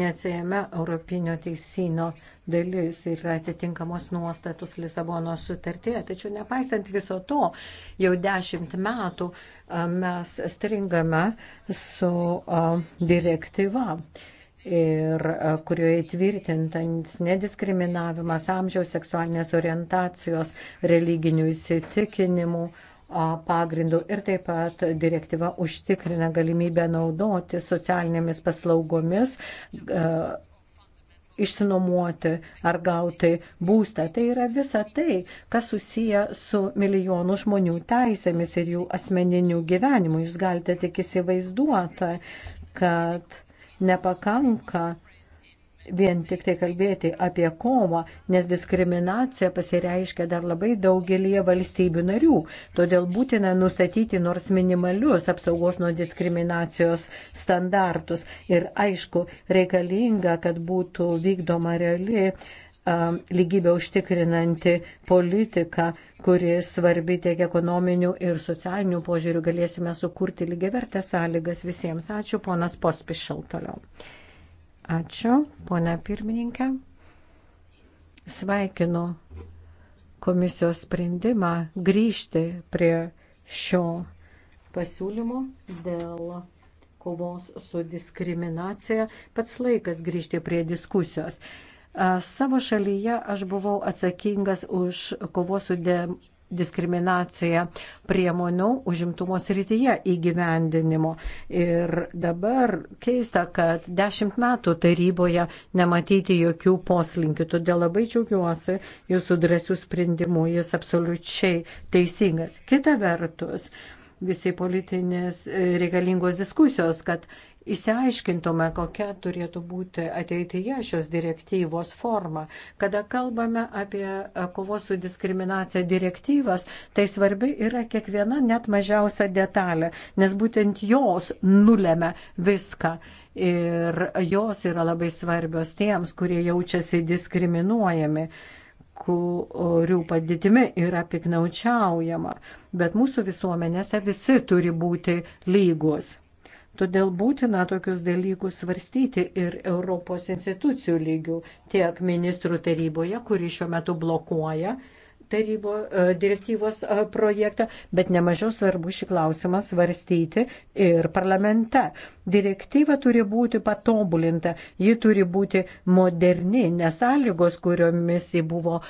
Neatsiejama Europinio teisino dalis yra atitinkamos nuostatus Lisabono sutartėje, tačiau nepaisant viso to, jau dešimt metų mes stringame su direktyva. Ir kurioje įtvirtintas nediskriminavimas amžiaus, seksualinės orientacijos, religinių įsitikinimų, uh, pagrindų ir taip pat direktyva užtikrina galimybę naudoti socialinėmis paslaugomis išsinuomoti ar gauti būstą. Tai yra visa tai, kas susiję su milijonų žmonių teisėmis ir jų asmeniniu gyvenimu. Jūs galite tik įsivaizduoti, kad nepakanka vien tik tai kalbėti apie kovą, nes diskriminacija pasireiškia dar labai daugelie valstybių narių. Todėl būtina nustatyti nors minimalius apsaugos nuo diskriminacijos standartus. Ir aišku, reikalinga, kad būtų vykdoma reali lygybę užtikrinanti politika, kuri svarbi tiek ekonominių ir socialinių požiūrių, galėsime sukurti lygiavertę sąlygas visiems. Ačiū, ponas Pospišal toliau. Ačiū, ponia pirmininkė. Sveikinu komisijos sprendimą grįžti prie šio pasiūlymo dėl kovos su diskriminacija. Pats laikas grįžti prie diskusijos. Savo šalyje aš buvau atsakingas už kovos su diskriminaciją priemonių užimtumo srityje įgyvendinimo. Ir dabar keista, kad dešimt metų taryboje nematyti jokių poslinkių. Todėl labai džiaugiuosi jūsų drąsių sprendimų. Jis absoliučiai teisingas. Kita vertus, visai politinės reikalingos diskusijos, kad Įsiaiškintume, kokia turėtų būti ateityje šios direktyvos forma. Kada kalbame apie kovos su diskriminacija direktyvas, tai svarbi yra kiekviena net mažiausia detalė, nes būtent jos nulėmė viską ir jos yra labai svarbios tiems, kurie jaučiasi diskriminuojami, kurių padėtimi yra piknaučiaujama. Bet mūsų visuomenėse visi turi būti lygus. Todėl būtina tokius dalykus svarstyti ir Europos institucijų lygių, tiek ministrų taryboje, kuri šiuo metu blokuoja tarybo e, direktyvos e, projektą, bet nemažiau svarbu šį klausimą svarstyti ir parlamente. Direktyva turi būti patobulinta, ji turi būti moderni, nes sąlygos, kuriomis ji buvo e,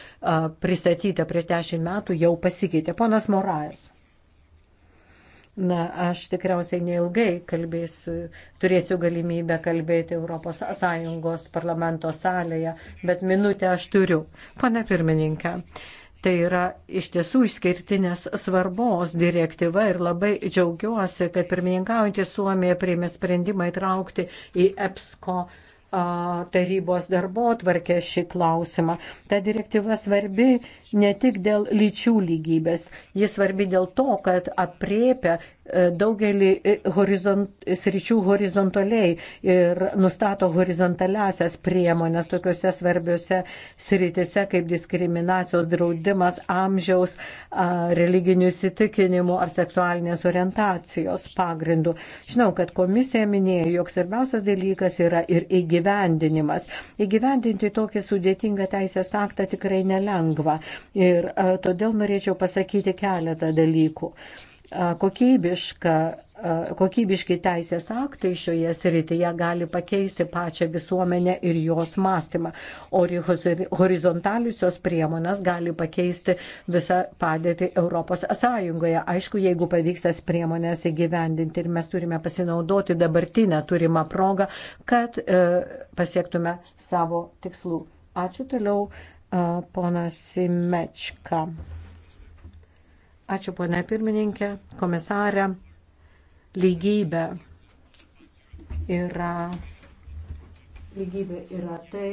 pristatyta prieš dešimt metų, jau pasikeitė. Ponas Morais. Na, aš tikriausiai neilgai kalbėsiu, turėsiu galimybę kalbėti ES parlamento salėje, bet minutę aš turiu. Pane pirmininkė, tai yra iš tiesų išskirtinės svarbos direktyva ir labai džiaugiuosi, kad pirmininkaujantį Suomiją priėmė sprendimą įtraukti į EPSCO uh, tarybos darbo atvarkę šį klausimą. Ta direktyva svarbi ne tik dėl lyčių lygybės, jis svarbi dėl to, kad apriepia E, daugelį e, horizont, sričių horizontaliai ir nustato horizontaliasias priemonės tokiuose svarbiuose sritise kaip diskriminacijos draudimas, amžiaus, religinių įsitikinimų ar seksualinės orientacijos pagrindų. Žinau, kad komisija minėjo, jog svarbiausias dalykas yra ir įgyvendinimas. Įgyvendinti tokį sudėtingą teisės aktą tikrai nelengva ir todėl norėčiau pasakyti keletą dalykų kokybiška, kokybiški teisės aktai šioje srityje gali pakeisti pačią visuomenę ir jos mąstymą, o horizontaliusios priemonės gali pakeisti visą padėtį Europos Sąjungoje. Aišku, jeigu pavyks tas priemonės įgyvendinti ir mes turime pasinaudoti dabartinę turimą progą, kad e, pasiektume savo tikslų. Ačiū toliau, e, ponas Simečka. Ačiū, ponė pirmininkė, komisarė. Lygybė yra lygybė yra tai,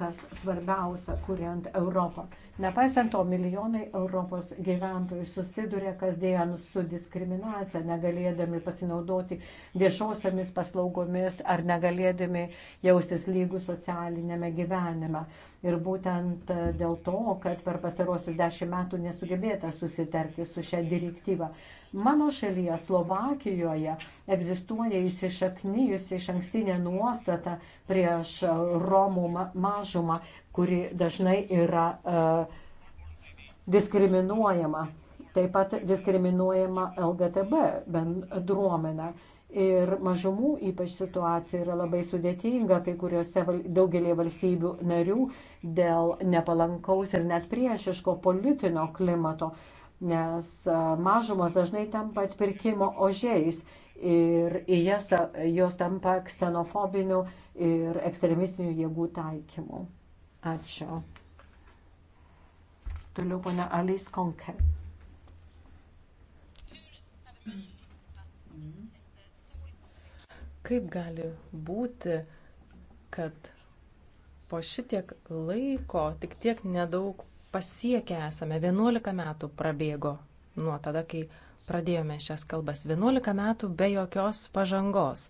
kas svarbiausia, kuriant Europą. Nepaisant to, milijonai Europos gyventojų susiduria kasdien su diskriminacija, negalėdami pasinaudoti viešosiomis paslaugomis ar negalėdami jaustis lygų socialinėme gyvenime. Ir būtent e, dėl to, kad per pastarosius dešimt metų nesugebėta susitarti su šią direktyvą. Mano šalyje, Slovakijoje, egzistuoja įsišaknyjusi iš ankstinė nuostata prieš Romų mažumą, kuri dažnai yra e, diskriminuojama. Taip pat diskriminuojama LGTB bendruomenė. Ir mažumų ypač situacija yra labai sudėtinga kai kuriuose daugelį valstybių narių dėl nepalankaus ir net priešiško politinio klimato, nes e, mažumos dažnai tampa atpirkimo ožiais ir į jas jos tampa ksenofobinių ir ekstremistinių jėgų taikymu. Ačiū. Toliau ponia Alice Konke. Kaip gali būti, kad po šitiek laiko tik tiek nedaug pasiekę esame? 11 metų prabėgo nuo tada, kai pradėjome šias kalbas. 11 metų be jokios pažangos.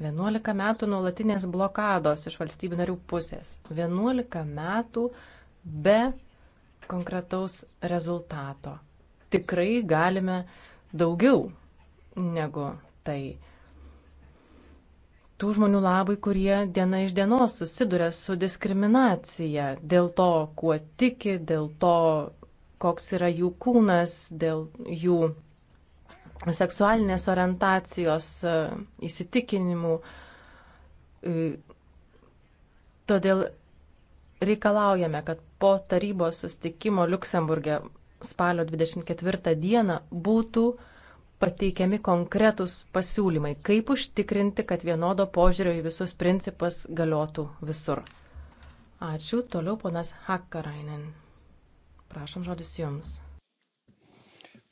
11 metų nuolatinės blokados iš valstybių narių pusės. 11 metų be konkretaus rezultato. Tikrai galime daugiau negu tai. Tų žmonių labui, kurie diena iš dienos susiduria su diskriminacija dėl to, kuo tiki, dėl to, koks yra jų kūnas, dėl jų seksualinės orientacijos, e, įsitikinimų. E, todėl reikalaujame, kad po tarybos sustikimo Luksemburgė spalio 24 dieną būtų pateikiami konkretūs pasiūlymai, kaip užtikrinti, kad vienodo požiūrio į visus principas galiotų visur. Ačiū. Toliau ponas Hakkarainen. Prašom žodis jums.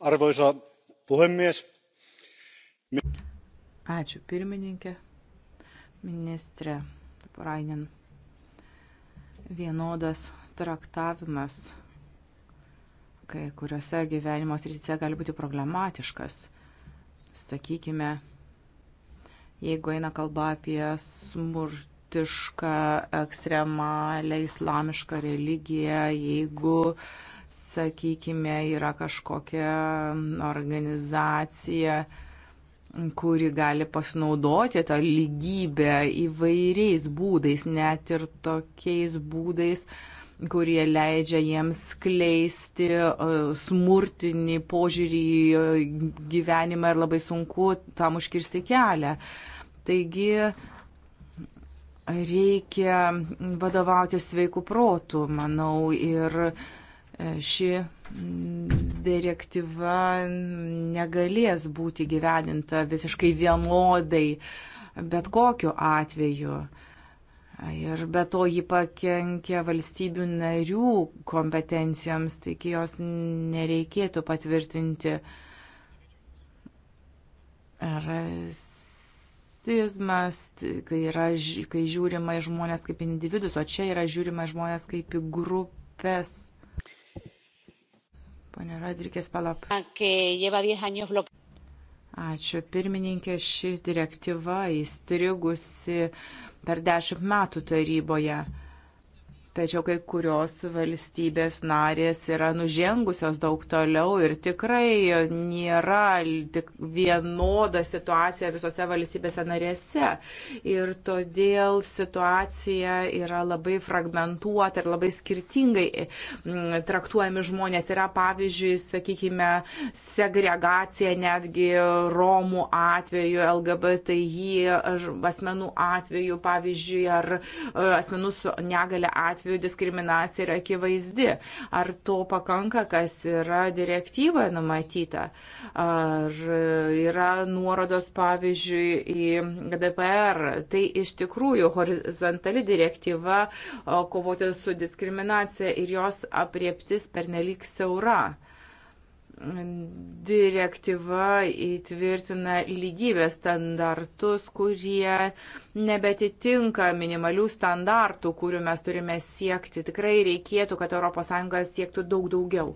Arvoisa puhemies. Ačiū pirmininkė, ministrė Rainin. Vienodas traktavimas kai kuriuose gyvenimo srityse gali būti problematiškas. Sakykime, jeigu eina kalba apie smurtišką, ekstremalę islamišką religiją, jeigu uh, sakykime, yra kažkokia organizacija, kuri gali pasinaudoti tą lygybę įvairiais būdais, net ir tokiais būdais, kurie leidžia jiems skleisti e, smurtinį požiūrį į e, gyvenimą ir labai sunku tam užkirsti kelią. Taigi reikia vadovauti sveikų protų, manau, ir ši mm, direktyva negalės būti gyveninta visiškai vienodai bet kokiu atveju. Ir be to jį pakenkia valstybių narių kompetencijoms, taigi jos nereikėtų patvirtinti. Rasizmas, kai, yra, kai žiūrima į žmonės kaip individus, o čia yra žiūrima į žmonės kaip į grupės Pane Radrikės Palap. Ačiū. Pirmininkė, ši direktyva įstrigusi per dešimt metų taryboje. Tačiau kai kurios valstybės narės yra nužengusios daug toliau ir tikrai nėra tik vienoda situacija visose valstybėse narėse. Ir todėl situacija yra labai fragmentuota ir labai skirtingai mm, traktuojami žmonės. Yra pavyzdžiui, sakykime, segregacija netgi Romų atveju, LGBTI asmenų atveju, pavyzdžiui, ar e, asmenų su negale atveju atveju diskriminacija yra akivaizdi. Ar to pakanka, kas yra direktyvoje numatyta? Ar yra nuorodos, pavyzdžiui, į GDPR? Tai iš tikrųjų horizontali direktyva kovoti su diskriminacija ir jos apriektis pernelyg siaura direktyva įtvirtina lygybės standartus, kurie nebetitinka minimalių standartų, kurių mes turime siekti. Tikrai reikėtų, kad ES siektų daug daugiau.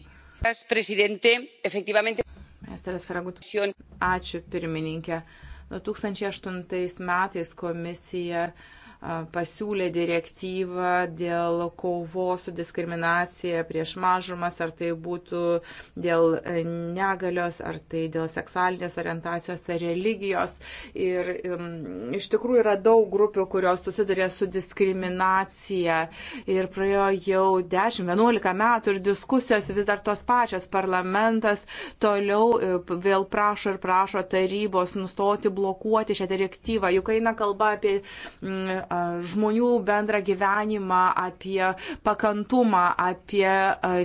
Ačiū pirmininkė. 2008 metais komisija pasiūlė direktyvą dėl kovos su diskriminacija prieš mažumas, ar tai būtų dėl e, negalios, ar tai dėl seksualinės orientacijos ar religijos. Ir iš tikrųjų yra daug grupių, kurios susiduria su diskriminacija. Ir praėjo jau 10-11 metų ir diskusijos vis dar tos pačios. Parlamentas toliau e, vėl prašo ir prašo tarybos nustoti blokuoti šią direktyvą. Juk eina kalba apie žmonių bendrą gyvenimą, apie pakantumą, apie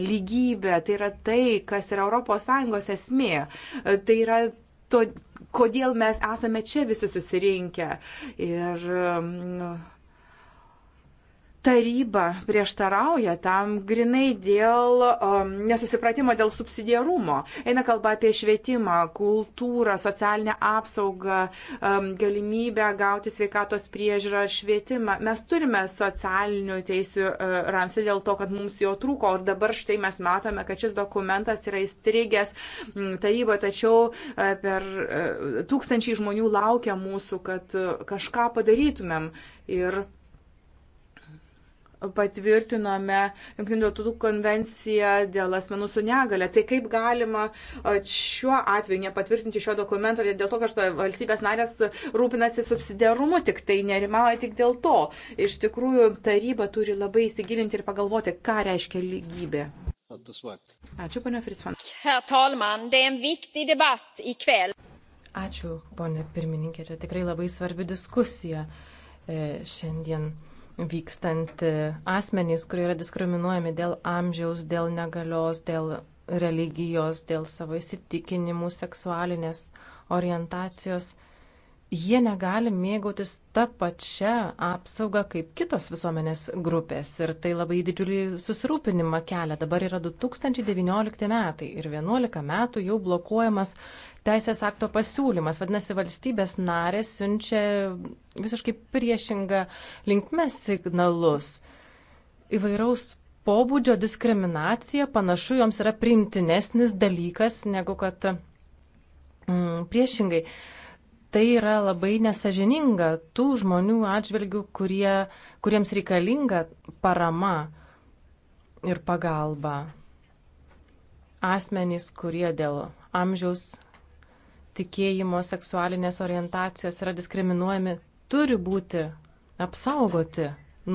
lygybę. Tai yra tai, kas yra ES esmė. Tai yra to, kodėl mes esame čia visi susirinkę. Ir taryba prieštarauja tam grinai dėl um, nesusipratimo dėl subsidiarumo. Eina kalba apie švietimą, kultūrą, socialinę apsaugą, um, galimybę gauti sveikatos priežiūrą, švietimą. Mes turime socialinių teisių uh, ramsį dėl to, kad mums jo trūko ir dabar štai mes matome, kad šis dokumentas yra įstrigęs mm, taryboje, tačiau uh, per uh, tūkstančiai žmonių laukia mūsų, kad uh, kažką padarytumėm. Ir patvirtinome Junktinių tautų konvenciją dėl asmenų su negale. Tai kaip galima šiuo atveju nepatvirtinti šio dokumento dėl to, kad valstybės narės rūpinasi subsidiarumu, tik tai nerimauja tik dėl to. Iš tikrųjų, taryba turi labai įsigilinti ir pagalvoti, ką reiškia lygybė. Ačiū, ponia Fritson. Herr Talman, tai yra viktig debat į kvel. Ačiū, ponia pirmininkė, čia tikrai labai svarbi diskusija e, šiandien vykstanti e, asmenys, kurie yra diskriminuojami dėl amžiaus, dėl negalios, dėl religijos, dėl savo įsitikinimų, seksualinės orientacijos, jie negali mėgautis tą pačią apsaugą kaip kitos visuomenės grupės. Ir tai labai didžiulį susirūpinimą kelia. Dabar yra 2019 metai ir 11 metų jau blokuojamas teisės akto pasiūlymas. Vadinasi, valstybės narės siunčia visiškai priešingą linkmę signalus. Įvairaus pobūdžio diskriminacija panašu joms yra priimtinesnis dalykas negu kad mm, priešingai. Tai yra labai nesažininga tų žmonių atžvilgių, kurie, kuriems reikalinga parama ir pagalba. Asmenys, kurie dėl amžiaus tikėjimo, seksualinės orientacijos yra diskriminuojami, turi būti apsaugoti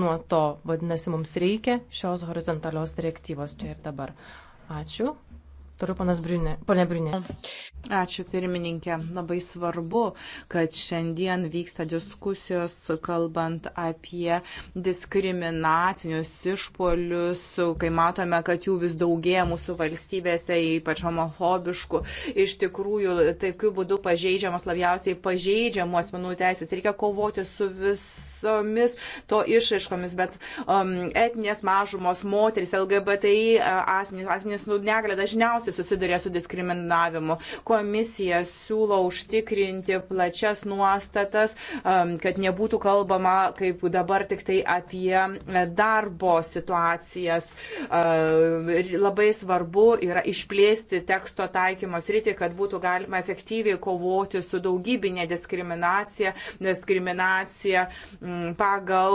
nuo to. Vadinasi, mums reikia šios horizontalios direktyvos čia ir dabar. Ačiū. Toliau panas Briunė. Pone Briunė. Ačiū pirmininkė. Labai svarbu, kad šiandien vyksta diskusijos kalbant apie diskriminacinius išpolius, kai matome, kad jų vis daugėja mūsų valstybėse, ypač homofobiškų. Iš tikrųjų, tokiu būdu pažeidžiamas labiausiai pažeidžiamų asmenų teisės. Reikia kovoti su vis visomis to išaiškomis, bet um, etinės mažumos, moteris, LGBTI asmenys, asmenys nu, negalė dažniausiai susiduria su diskriminavimu. Komisija siūlo užtikrinti plačias nuostatas, um, kad nebūtų kalbama kaip dabar tik tai apie e, darbo situacijas. Um, labai svarbu yra išplėsti teksto taikymos rytį, kad būtų galima efektyviai kovoti su daugybinė diskriminacija, diskriminacija Mm, pagal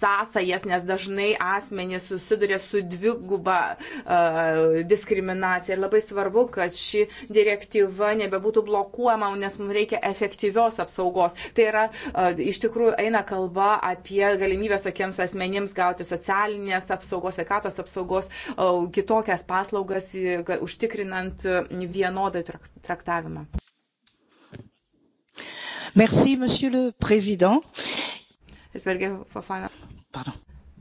sąsajas, nes dažnai asmenys susiduria su dviguba uh, diskriminacija. Ir labai svarbu, kad ši direktyva nebebūtų blokuojama, nes mums reikia efektyvios apsaugos. Tai yra, uh, iš tikrųjų, eina kalba apie galimybės tokiems asmenims gauti socialinės apsaugos, sveikatos apsaugos, uh, kitokias paslaugas, uh, užtikrinant uh, vienodą traktavimą. Merci, monsieur le président. Pardon.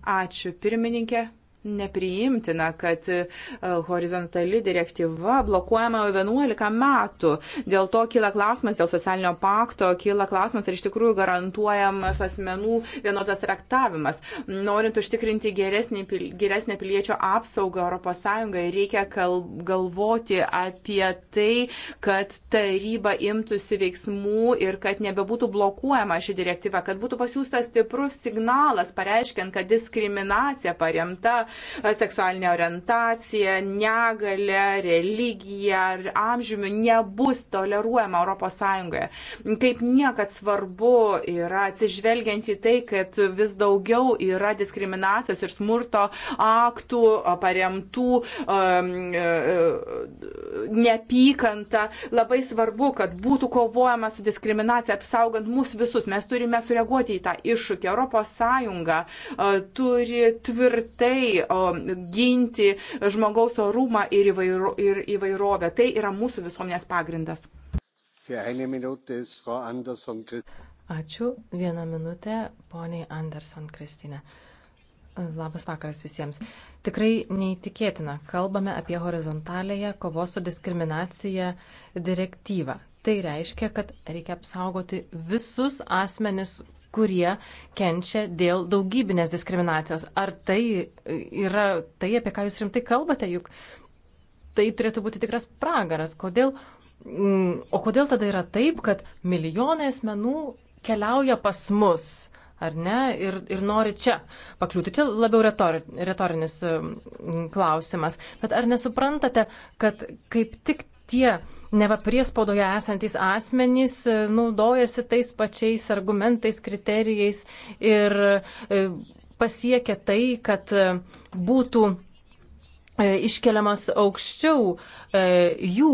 Ačiū, pirmininkė nepriimtina, kad e, horizontali direktyva blokuojama 11 metų. Dėl to kyla klausimas, dėl socialinio pakto kyla klausimas, ar iš tikrųjų garantuojamas asmenų vienodas traktavimas. Norint užtikrinti geresnį, geresnę piliečio apsaugą ES, reikia galvoti apie tai, kad taryba imtųsi veiksmų ir kad nebebūtų blokuojama ši direktyva, kad būtų pasiūstas stiprus signalas, pareiškiant, kad diskriminacija paremta seksualinę orientaciją, negalę, religiją ar amžiumi nebus toleruojama ES. Kaip niekad svarbu yra atsižvelgiant į tai, kad vis daugiau yra diskriminacijos ir smurto aktų paremtų um, e, neapykanta. Labai svarbu, kad būtų kovojama su diskriminacija, apsaugant mus visus. Mes turime sureaguoti į tą iššūkį. ES e, turi tvirtai nori o, ginti žmogaus orumą ir, įvairo, ir įvairovę. Tai yra mūsų visuomenės pagrindas. Ačiū. Vieną minutę, poniai Anderson Kristinė. Labas vakaras visiems. Tikrai neįtikėtina, kalbame apie horizontalėje kovos su diskriminacija direktyvą. Tai reiškia, kad reikia apsaugoti visus asmenis, kurie kenčia dėl daugybinės diskriminacijos. Ar tai yra tai, apie ką jūs rimtai kalbate, juk tai turėtų būti tikras pragaras. Kodėl, mm, o kodėl tada yra taip, kad milijonai asmenų keliauja pas mus? Ar ne? Ir, ir nori čia pakliūti. Čia labiau retori, retorinis mm, klausimas. Bet ar nesuprantate, kad kaip tik tie neva priespaudoje esantis asmenys e, naudojasi tais pačiais argumentais, kriterijais ir e, pasiekia tai, kad e, būtų iškeliamas aukščiau jų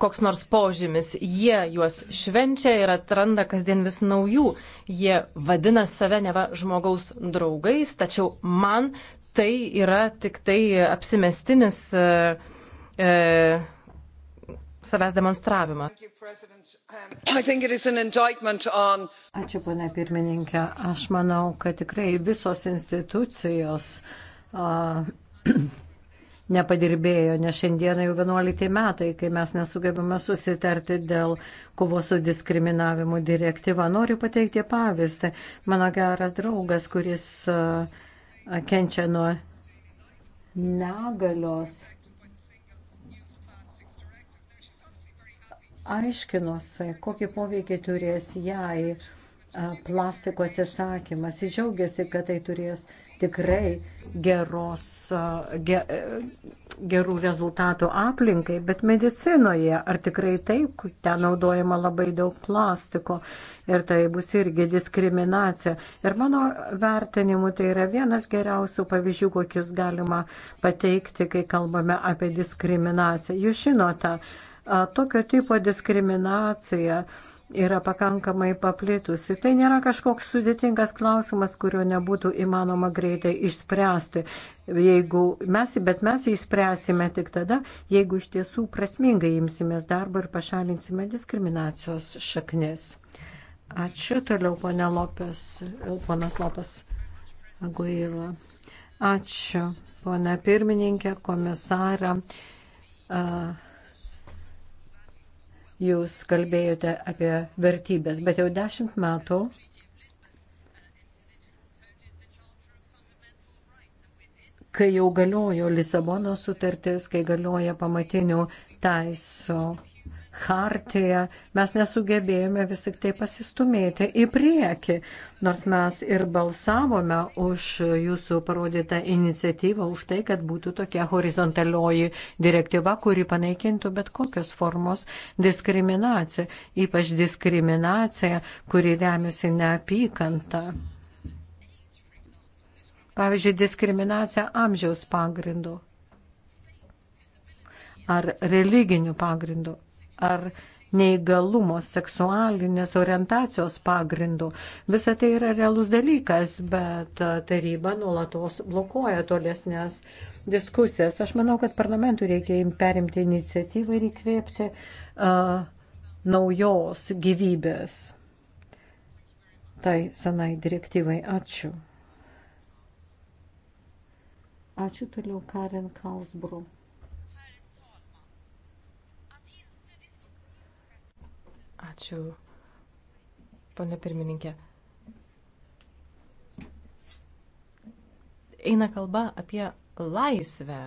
koks nors požymis. Jie juos švenčia ir atranda kasdien vis naujų. Jie vadina save neva žmogaus draugais, tačiau man tai yra tik tai apsimestinis. E, e, savęs demonstravimą. Um, Ačiū, pane pirmininkė. Aš manau, kad tikrai visos institucijos uh, nepadirbėjo, nes šiandieną jau 11 metai, kai mes nesugebame susitarti dėl kovos su diskriminavimu direktyva. Noriu pateikti pavyzdį. Mano geras draugas, kuris kenčia nuo negalios, aiškinosi, kokį poveikį turės jai plastiko atsisakymas. Jis džiaugiasi, kad tai turės tikrai geros, ge, e, gerų rezultatų aplinkai, bet medicinoje ar tikrai taip, ten naudojama labai daug plastiko ir tai bus irgi diskriminacija. Ir mano vertinimu tai yra vienas geriausių pavyzdžių, kokius galima pateikti, kai kalbame apie diskriminaciją. Jūs žinote, Tokio tipo diskriminacija yra pakankamai paplitusi. Tai nėra kažkoks sudėtingas klausimas, kurio nebūtų įmanoma greitai išspręsti. Jeigu mes, bet mes jį spręsime tik tada, jeigu iš tiesų prasmingai imsimės darbo ir pašalinsime diskriminacijos šaknis. Ačiū toliau, ponė Lopės, ponas Lopas Aguirva. Ačiū, ponė pirmininkė, komisarą. Uh, jūs kalbėjote apie vertybės, bet jau dešimt metų kai jau galiojo Lisabono sutartis, kai galioja pamatinių teisų hartiją, mes nesugebėjome vis tik tai pasistumėti į priekį, nors mes ir balsavome už jūsų parodytą iniciatyvą, už tai, kad būtų tokia horizontalioji direktyva, kuri panaikintų bet kokios formos diskriminaciją, ypač diskriminaciją, kuri remiasi neapykantą. Pavyzdžiui, diskriminacija amžiaus pagrindu ar religiniu pagrindu ar neįgalumo, seksualinės orientacijos pagrindų. Visa tai yra realus dalykas, bet taryba nuolatos blokuoja tolesnės diskusijas. Aš manau, kad parlamentui reikia perimti iniciatyvą ir įkvėpti uh, naujos gyvybės tai senai direktyvai. Ačiū. Ačiū toliau Karen Kalsbrook. Ačiū, ponė pirmininkė. Eina kalba apie laisvę,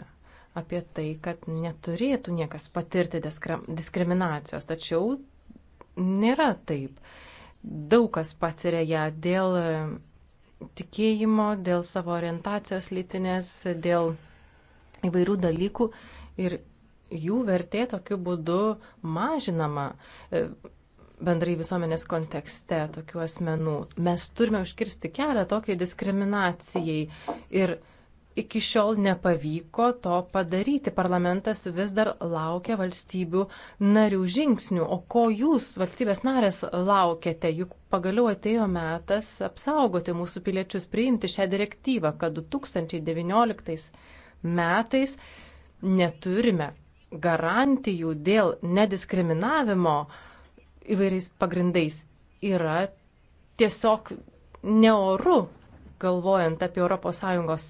apie tai, kad neturėtų niekas patirti diskriminacijos, tačiau nėra taip. Daug kas patiria ją dėl tikėjimo, dėl savo orientacijos lytinės, dėl įvairių dalykų ir jų vertė tokiu būdu mažinama bendrai visuomenės kontekste tokių asmenų. Mes turime užkirsti kelią tokiai diskriminacijai ir iki šiol nepavyko to padaryti. Parlamentas vis dar laukia valstybių narių žingsnių. O ko jūs, valstybės narės, laukiate? Juk pagaliau atėjo metas apsaugoti mūsų piliečius, priimti šią direktyvą, kad 2019 metais neturime garantijų dėl nediskriminavimo uh, įvairiais pagrindais yra tiesiog neoru, galvojant apie ES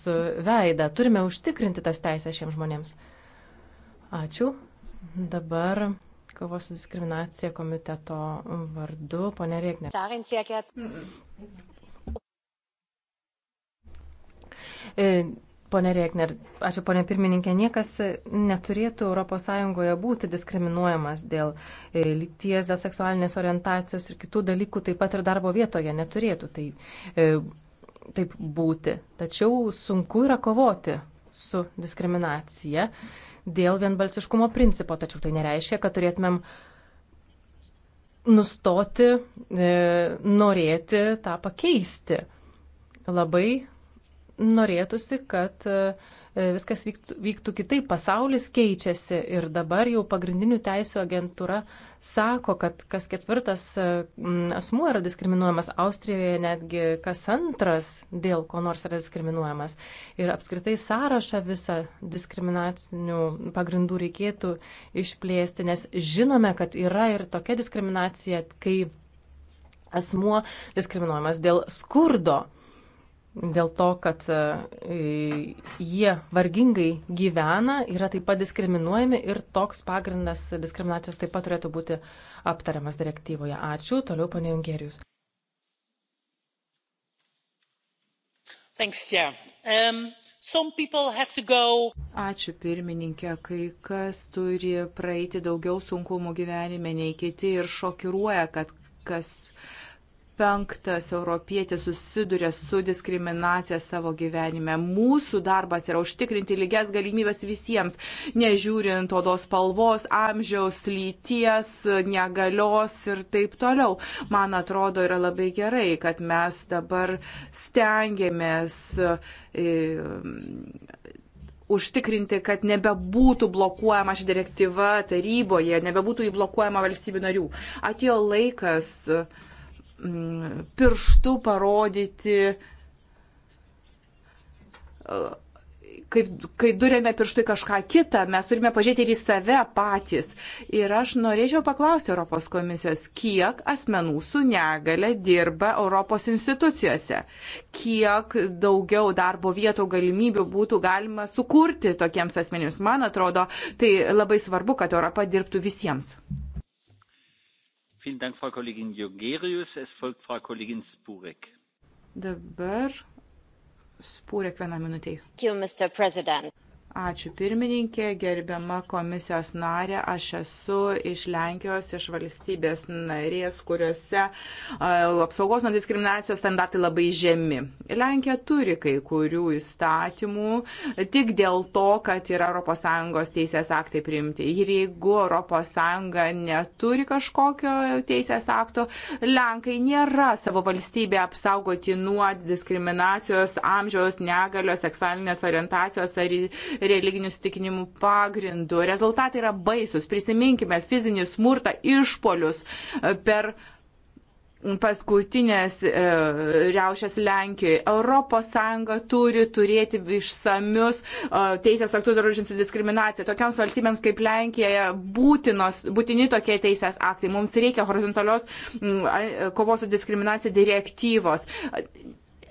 veidą. Turime užtikrinti tas teisės šiems žmonėms. Ačiū. Dabar kovos su diskriminacija komiteto vardu, ponė Rėknė. E, Pone Rėkner, ačiū ponė pirmininkė, niekas neturėtų ES būti diskriminuojamas dėl e, lyties, dėl seksualinės orientacijos ir kitų dalykų, taip pat ir darbo vietoje neturėtų tai, e, taip būti. Tačiau sunku yra kovoti su diskriminacija dėl vienbalsiškumo principo, tačiau tai nereiškia, kad turėtumėm nustoti e, norėti tą pakeisti. Labai norėtųsi, kad e, viskas vyktų, vyktų kitaip, pasaulis keičiasi ir dabar jau pagrindinių teisų agentūra sako, kad kas ketvirtas e, asmuo yra diskriminuojamas, Austrijoje netgi kas antras dėl ko nors yra diskriminuojamas. Ir apskritai sąrašą visą diskriminacinių pagrindų reikėtų išplėsti, nes žinome, kad yra ir tokia diskriminacija, kai asmuo diskriminuojamas dėl skurdo dėl to, kad e, jie vargingai gyvena, yra taip pat diskriminuojami ir toks pagrindas diskriminacijos taip pat turėtų būti aptariamas direktyvoje. Ačiū. Toliau, ponė Junkerijus. Thanks, yeah. um, Ačiū pirmininkė, kai kas turi praeiti daugiau sunkumų gyvenime nei kiti ir šokiruoja, kad kas penktas europietis susiduria su diskriminacija savo gyvenime. Mūsų darbas yra užtikrinti lygias galimybės visiems, nežiūrint odos spalvos, amžiaus, lyties, negalios ir taip toliau. Man atrodo, yra labai gerai, kad mes dabar stengiamės. E, užtikrinti, kad nebebūtų blokuojama ši direktyva taryboje, nebebūtų įblokuojama valstybių narių. Atėjo laikas uh, pirštų parodyti, kai, kai durėme pirštai kažką kitą, mes turime pažiūrėti ir į save patys. Ir aš norėčiau paklausti Europos komisijos, kiek asmenų su negale dirba Europos institucijose, kiek daugiau darbo vietų galimybių būtų galima sukurti tokiems asmenims. Man atrodo, tai labai svarbu, kad Europa dirbtų visiems. Dabar spūrė vieną minutę. Ačiū pirmininkė, gerbiama komisijos narė. Aš esu iš Lenkijos, iš valstybės narės, kuriuose apsaugos nuo diskriminacijos standartai labai žemi. Lenkija turi kai kurių įstatymų tik dėl to, kad yra ES teisės aktai priimti. Ir jeigu ES neturi kažkokio teisės akto, Lenkai nėra savo valstybė apsaugoti nuo diskriminacijos, amžiaus, negalios, seksualinės orientacijos ar religinių stikinimų pagrindų. Rezultatai yra baisus. Prisiminkime fizinį smurtą, išpolius e, per paskutinės e, riaušės Lenkijoje. ES turi turėti išsamius e, teisės aktus draudžiančius diskriminaciją. Tokiams valstybėms kaip Lenkija būtinos, būtini tokie teisės aktai. Mums reikia horizontalios m, e, kovos su diskriminacija direktyvos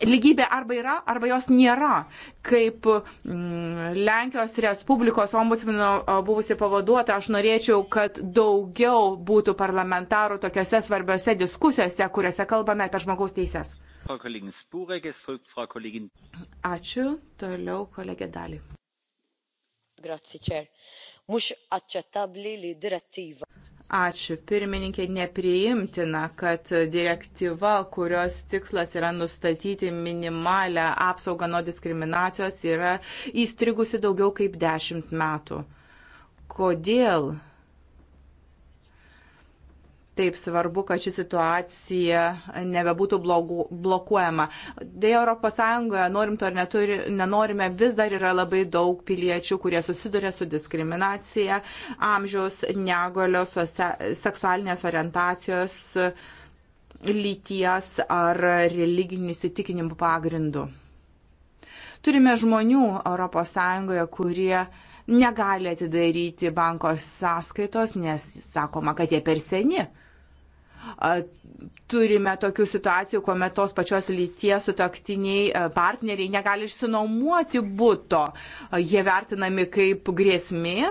lygybė arba yra, arba jos nėra. Kaip mm, Lenkijos Respublikos ombudsmino buvusi pavaduota, aš norėčiau, kad daugiau būtų parlamentarų tokiuose svarbiose diskusijose, kuriuose kalbame apie žmogaus teises. Ačiū. Toliau kolegė Dali. Grazie, Chair. Mux accettabli li direttiva. Ačiū. Pirmininkė, nepriimtina, kad direktyva, kurios tikslas yra nustatyti minimalę apsaugą nuo diskriminacijos, yra įstrigusi daugiau kaip dešimt metų. Kodėl Taip svarbu, kad ši situacija nebebūtų blogu, blokuojama. Deja, ES, norim to ar neturi, nenorime, vis dar yra labai daug piliečių, kurie susiduria su diskriminacija, amžiaus, negalios, seksualinės orientacijos, lyties ar religinių įsitikinimų pagrindų. Turime žmonių ES, kurie negali atidaryti banko sąskaitos, nes sakoma, kad jie per seni turime tokių situacijų, kuomet tos pačios lyties sutaktiniai e, partneriai negali išsinomuoti būto. Jie vertinami kaip grėsmė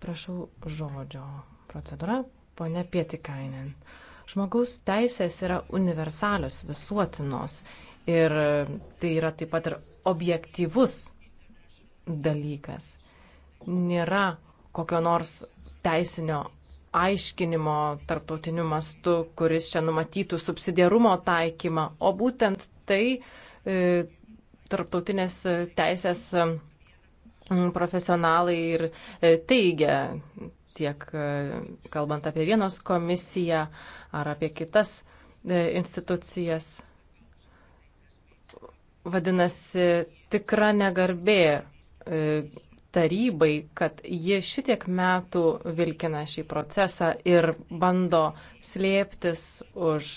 Prašau žodžio. Procedūra, ponia Pietikainen. Žmogaus teisės yra universalios, visuotinos ir tai yra taip pat ir objektyvus dalykas. Nėra kokio nors teisinio aiškinimo tarptautiniu mastu, kuris čia numatytų subsidiarumo taikymą, o būtent tai e, tarptautinės teisės e, Mm, profesionalai ir e, teigia, tiek e, kalbant apie vienos komisiją ar apie kitas e, institucijas. Vadinasi, tikra negarbė tarybai, kad ji šitiek metų vilkina šį procesą ir bando slėptis už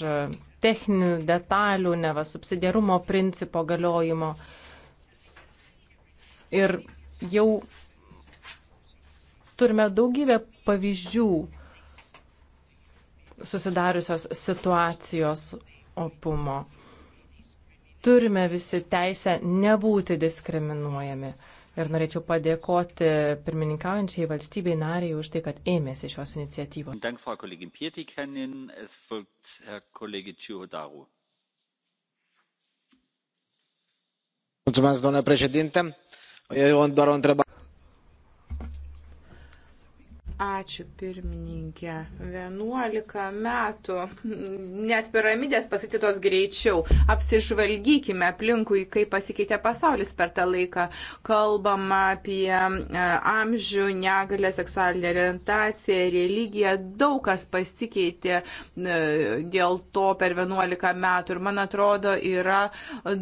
techninių detalių, neva subsidiarumo principo galiojimo. Ir jau turime daugybę pavyzdžių susidariusios situacijos opumo. Turime visi teisę nebūti diskriminuojami. Ir norėčiau padėkoti pirmininkaujančiai valstybei nariai už tai, kad ėmėsi šios iniciatyvos. Mulțumesc, domnule președinte eu doar o întrebare. Ačiū pirmininkė. 11 metų. Net piramidės pasititos greičiau. Apsižvalgykime aplinkui, kaip pasikeitė pasaulis per tą laiką. Kalbama apie e, amžių, negalę, seksualinę orientaciją, religiją. Daug kas pasikeitė e, dėl to per 11 metų. Ir man atrodo, yra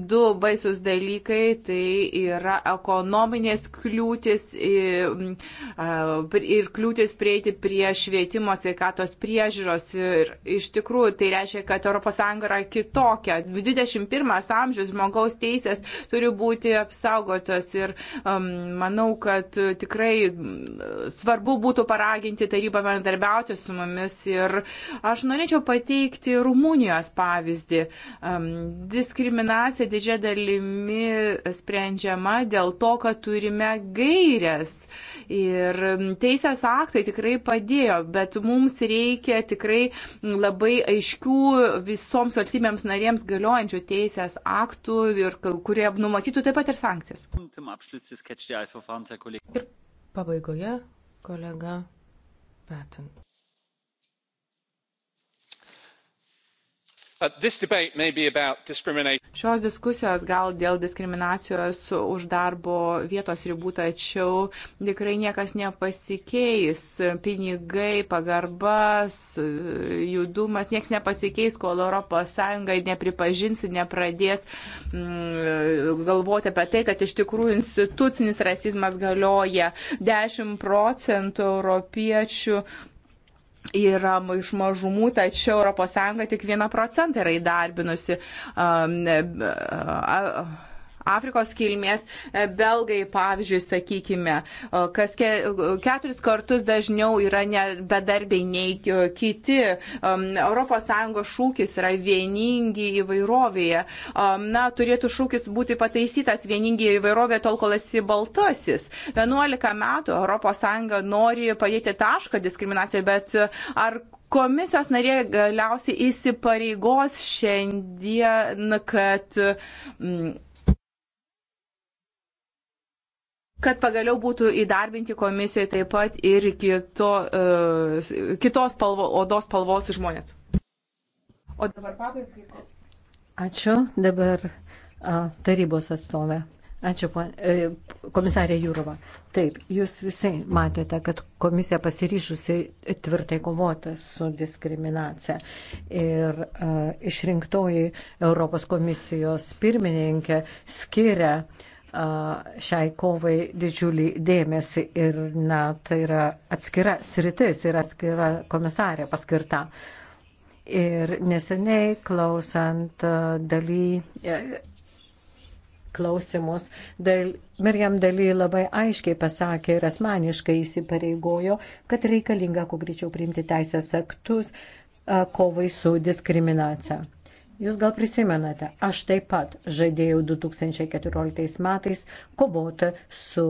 du baisus dalykai. Tai yra ekonominės kliūtis ir kliūtis galimybės prieiti prie švietimo sveikatos priežiūros. Ir iš tikrųjų tai reiškia, kad ES yra kitokia. 21 amžius žmogaus teisės turi būti apsaugotos. Ir um, manau, kad tikrai mm, svarbu būtų paraginti tarybą bendarbiauti su mumis. Ir aš norėčiau pateikti Rumunijos pavyzdį. Um, diskriminacija didžia dalimi sprendžiama dėl to, kad turime gairias. Ir mm, teisės aktai aktai tikrai padėjo, bet mums reikia tikrai labai aiškių visoms valstybėms narėms galiojančių teisės aktų, ir, kurie numatytų taip pat ir sankcijas. Ir pabaigoje kolega Patent. Uh, Šios diskusijos gal dėl diskriminacijos už darbo vietos ribų, tačiau tikrai niekas nepasikeis. Pinigai, pagarba, judumas, niekas nepasikeis, kol ES nepripažins, nepradės mm, galvoti apie tai, kad iš tikrųjų institucinis rasizmas galioja. 10 procentų europiečių yra iš mažumų, tačiau ES tik 1 procentą yra įdarbinusi. Um, uh, uh, Afrikos kilmės e, belgai, pavyzdžiui, sakykime, kas ke, keturis kartus dažniau yra ne bedarbiai nei e, kiti. ES šūkis yra vieningi įvairovėje. Na, turėtų šūkis būti pataisytas vieningi įvairovėje tol, kol esi baltasis. 11 metų ES nori padėti tašką diskriminacijoje, bet e, ar komisijos narė galiausiai įsipareigos šiandien, kad mm, kad pagaliau būtų įdarbinti komisijoje taip pat ir kito, uh, kitos spalvo, odos spalvos žmonės. O dabar pabaigai. Ačiū dabar uh, tarybos atstovė. Ačiū, e, komisarė Jūrova. Taip, jūs visi matėte, kad komisija pasiryžusi tvirtai kovoti su diskriminacija. Ir uh, išrinktoji Europos komisijos pirmininkė skiria uh, šiai kovai didžiulį dėmesį ir na, tai yra atskira sritis ir atskira komisarė paskirta. Ir neseniai klausant daly, e, klausimus, dal, Mirjam daly labai aiškiai pasakė ir asmeniškai įsipareigojo, kad reikalinga kuo greičiau priimti teisės aktus kovai su diskriminacija. Jūs gal prisimenate, aš taip pat žaidėjau 2014 metais kovoti su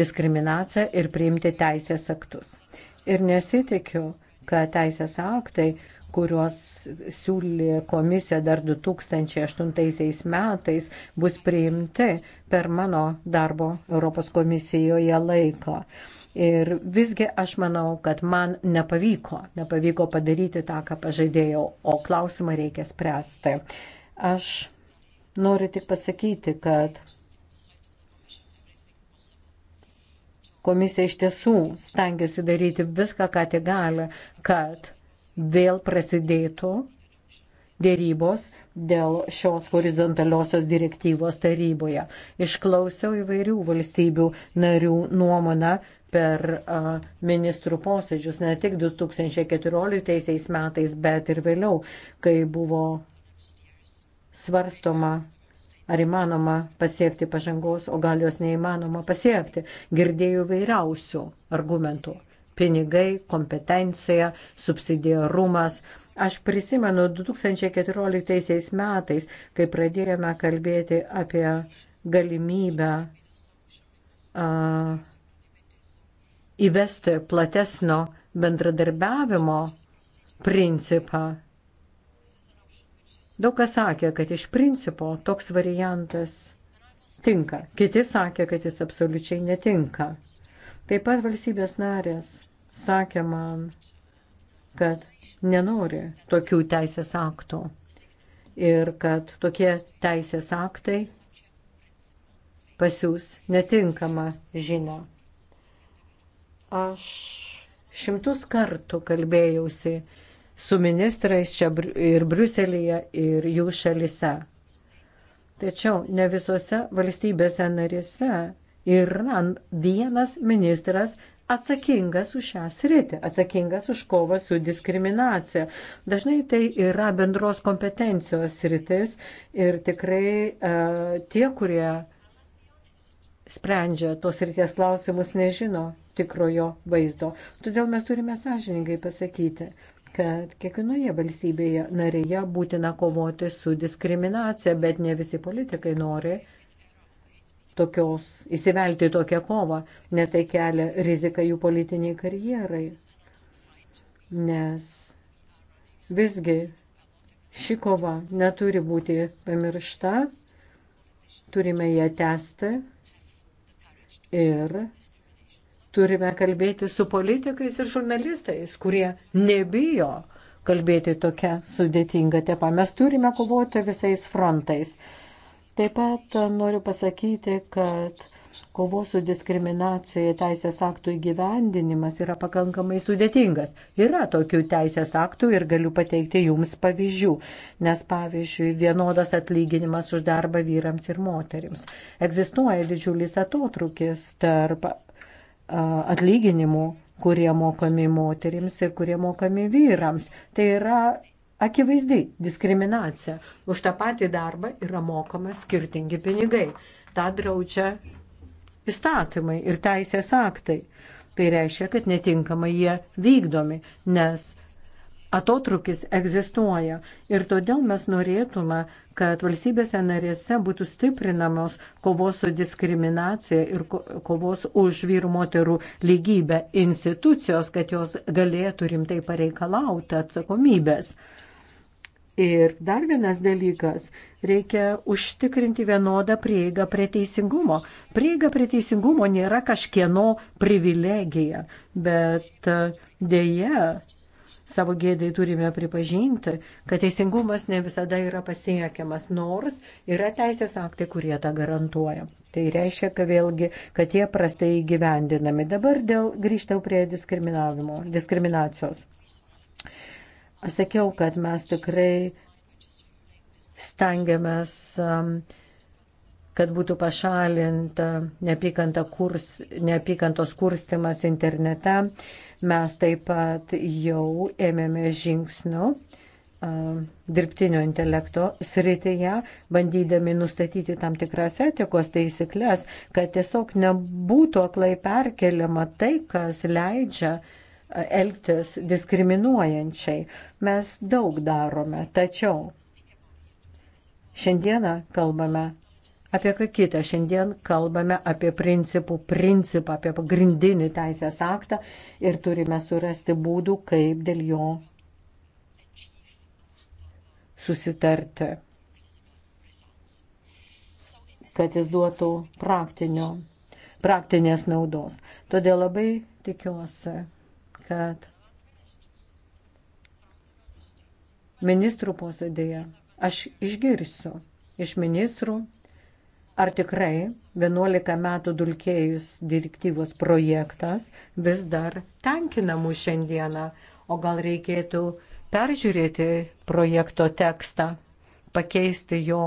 diskriminacija ir priimti teisės aktus. Ir nesitikiu, kad teisės aktai, kuriuos siūlė komisija dar 2008 metais, bus priimti per mano darbo Europos komisijoje laiką. Ir visgi aš manau, kad man nepavyko, nepavyko padaryti tą, ką pažadėjau, o klausimą reikia spręsti. Aš noriu tik pasakyti, kad komisija iš tiesų stengiasi daryti viską, ką tik gali, kad vėl prasidėtų dėrybos dėl šios horizontaliosios direktyvos taryboje. Išklausiau įvairių valstybių narių nuomonę per ministrų posėdžius, ne tik 2014 metais, bet ir vėliau, kai buvo svarstoma, ar įmanoma pasiekti pažangos, o gal jos neįmanoma pasiekti. Girdėjau vairiausių argumentų - pinigai, kompetencija, subsidiarumas. Aš prisimenu 2014 metais, kai pradėjome kalbėti apie galimybę uh, įvesti platesnio bendradarbiavimo principą. Daug kas sakė, kad iš principo toks variantas tinka. Kiti sakė, kad jis absoliučiai netinka. Taip pat valstybės narės sakė man, kad nenori tokių teisės aktų ir kad tokie teisės aktai pasiūs netinkamą žinią. Aš šimtus kartų kalbėjausi su ministrais čia ir Bruselėje, ir jų šalise. Tačiau ne visose valstybėse narėse yra vienas ministras atsakingas už šią sritį, atsakingas už kovą su diskriminacija. Dažnai tai yra bendros kompetencijos sritis ir tikrai e, tie, kurie sprendžia tos srities klausimus, nežino, tikrojo vaizdo. Todėl mes turime sąžiningai pasakyti, kad kiekvienoje valstybėje narėje būtina kovoti su diskriminacija, bet ne visi politikai nori tokios, įsivelti tokią kovą, nes tai kelia riziką jų politiniai karjerai. Nes visgi ši kova neturi būti pamiršta, turime ją tęsti ir Turime kalbėti su politikais ir žurnalistais, kurie nebijo kalbėti tokią sudėtingą tepą. Mes turime kovoti visais frontais. Taip pat noriu pasakyti, kad kovos su diskriminacija teisės aktų įgyvendinimas yra pakankamai sudėtingas. Yra tokių teisės aktų ir galiu pateikti jums pavyzdžių, nes pavyzdžiui, vienodas atlyginimas už darbą vyrams ir moterims. Egzistuoja didžiulis atotrukis tarp atlyginimų, kurie mokami moterims ir kurie mokami vyrams. Tai yra akivaizdi diskriminacija. Už tą patį darbą yra mokama skirtingi pinigai. Ta draudžia įstatymai ir teisės aktai. Tai reiškia, kad netinkamai jie vykdomi, nes atotrukis egzistuoja ir todėl mes norėtume, kad valstybėse narėse būtų stiprinamos kovos su diskriminacija ir kovos už vyrų moterų lygybę institucijos, kad jos galėtų rimtai pareikalauti atsakomybės. Ir dar vienas dalykas - reikia užtikrinti vienodą prieigą prie teisingumo. Prieiga prie teisingumo nėra kažkieno privilegija, bet e, dėja Savo gėdai turime pripažinti, kad teisingumas ne visada yra pasiekiamas, nors yra teisės aktai, kurie tą garantuoja. Tai reiškia, kad vėlgi, kad jie prastai gyvendinami. Dabar dėl grįžtau prie diskriminavimo, diskriminacijos. Aš sakiau, kad mes tikrai stengiamės um, kad būtų pašalinta kurs, neapykantos kurstimas internete. Mes taip pat jau ėmėme žingsnių dirbtinio intelekto srityje, bandydami nustatyti tam tikras etikos taisyklės, kad tiesiog nebūtų aklai perkeliama tai, kas leidžia elgtis diskriminuojančiai. Mes daug darome, tačiau šiandieną kalbame apie ką kitą. Šiandien kalbame apie principų principą, apie pagrindinį teisės aktą ir turime surasti būdų, kaip dėl jo susitarti, kad jis duotų praktinio, praktinės naudos. Todėl labai tikiuosi, kad ministrų posėdėje aš išgirsiu iš ministrų Ar tikrai 11 metų dulkėjus direktyvos projektas vis dar tenkina mūsų šiandieną, o gal reikėtų peržiūrėti projekto tekstą, pakeisti jo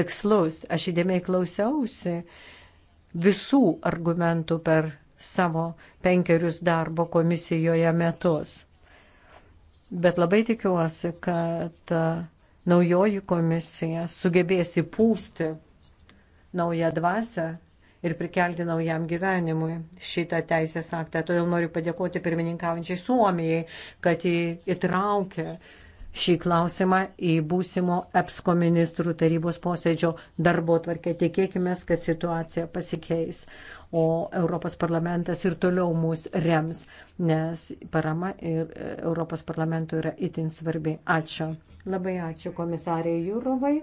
tikslus. Aš įdėmiai klausiausi visų argumentų per savo penkerius darbo komisijoje metus. Bet labai tikiuosi, kad naujoji komisija sugebės įpūsti naują dvasę ir prikelti naujam gyvenimui šitą teisės aktą. Todėl noriu padėkoti pirmininkaujančiai Suomijai, kad jį įtraukė šį klausimą į būsimo EPSCO ministrų tarybos posėdžio darbo tvarkę. Tikėkime, kad situacija pasikeis, o Europos parlamentas ir toliau mus rems, nes parama ir e, Europos parlamentui yra itin svarbi. Ačiū. Labai ačiū komisariai Jūrovai.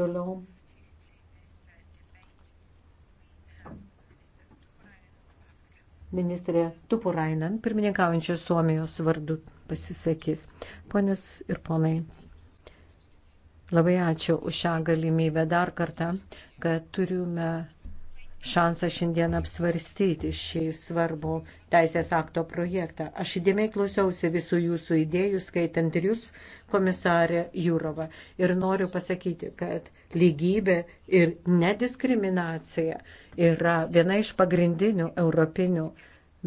Toliau ministrė Tupurainan, pirmininkaujančios Suomijos vardu, pasisakys. Ponius ir ponai, labai ačiū už šią galimybę dar kartą, kad turime šansą šiandien apsvarstyti šį svarbų teisės akto projektą. Aš įdėmiai klausiausi visų jūsų idėjų, skaitant ir jūs, komisarė Jūrova. Ir noriu pasakyti, kad lygybė ir nediskriminacija yra viena iš pagrindinių europinių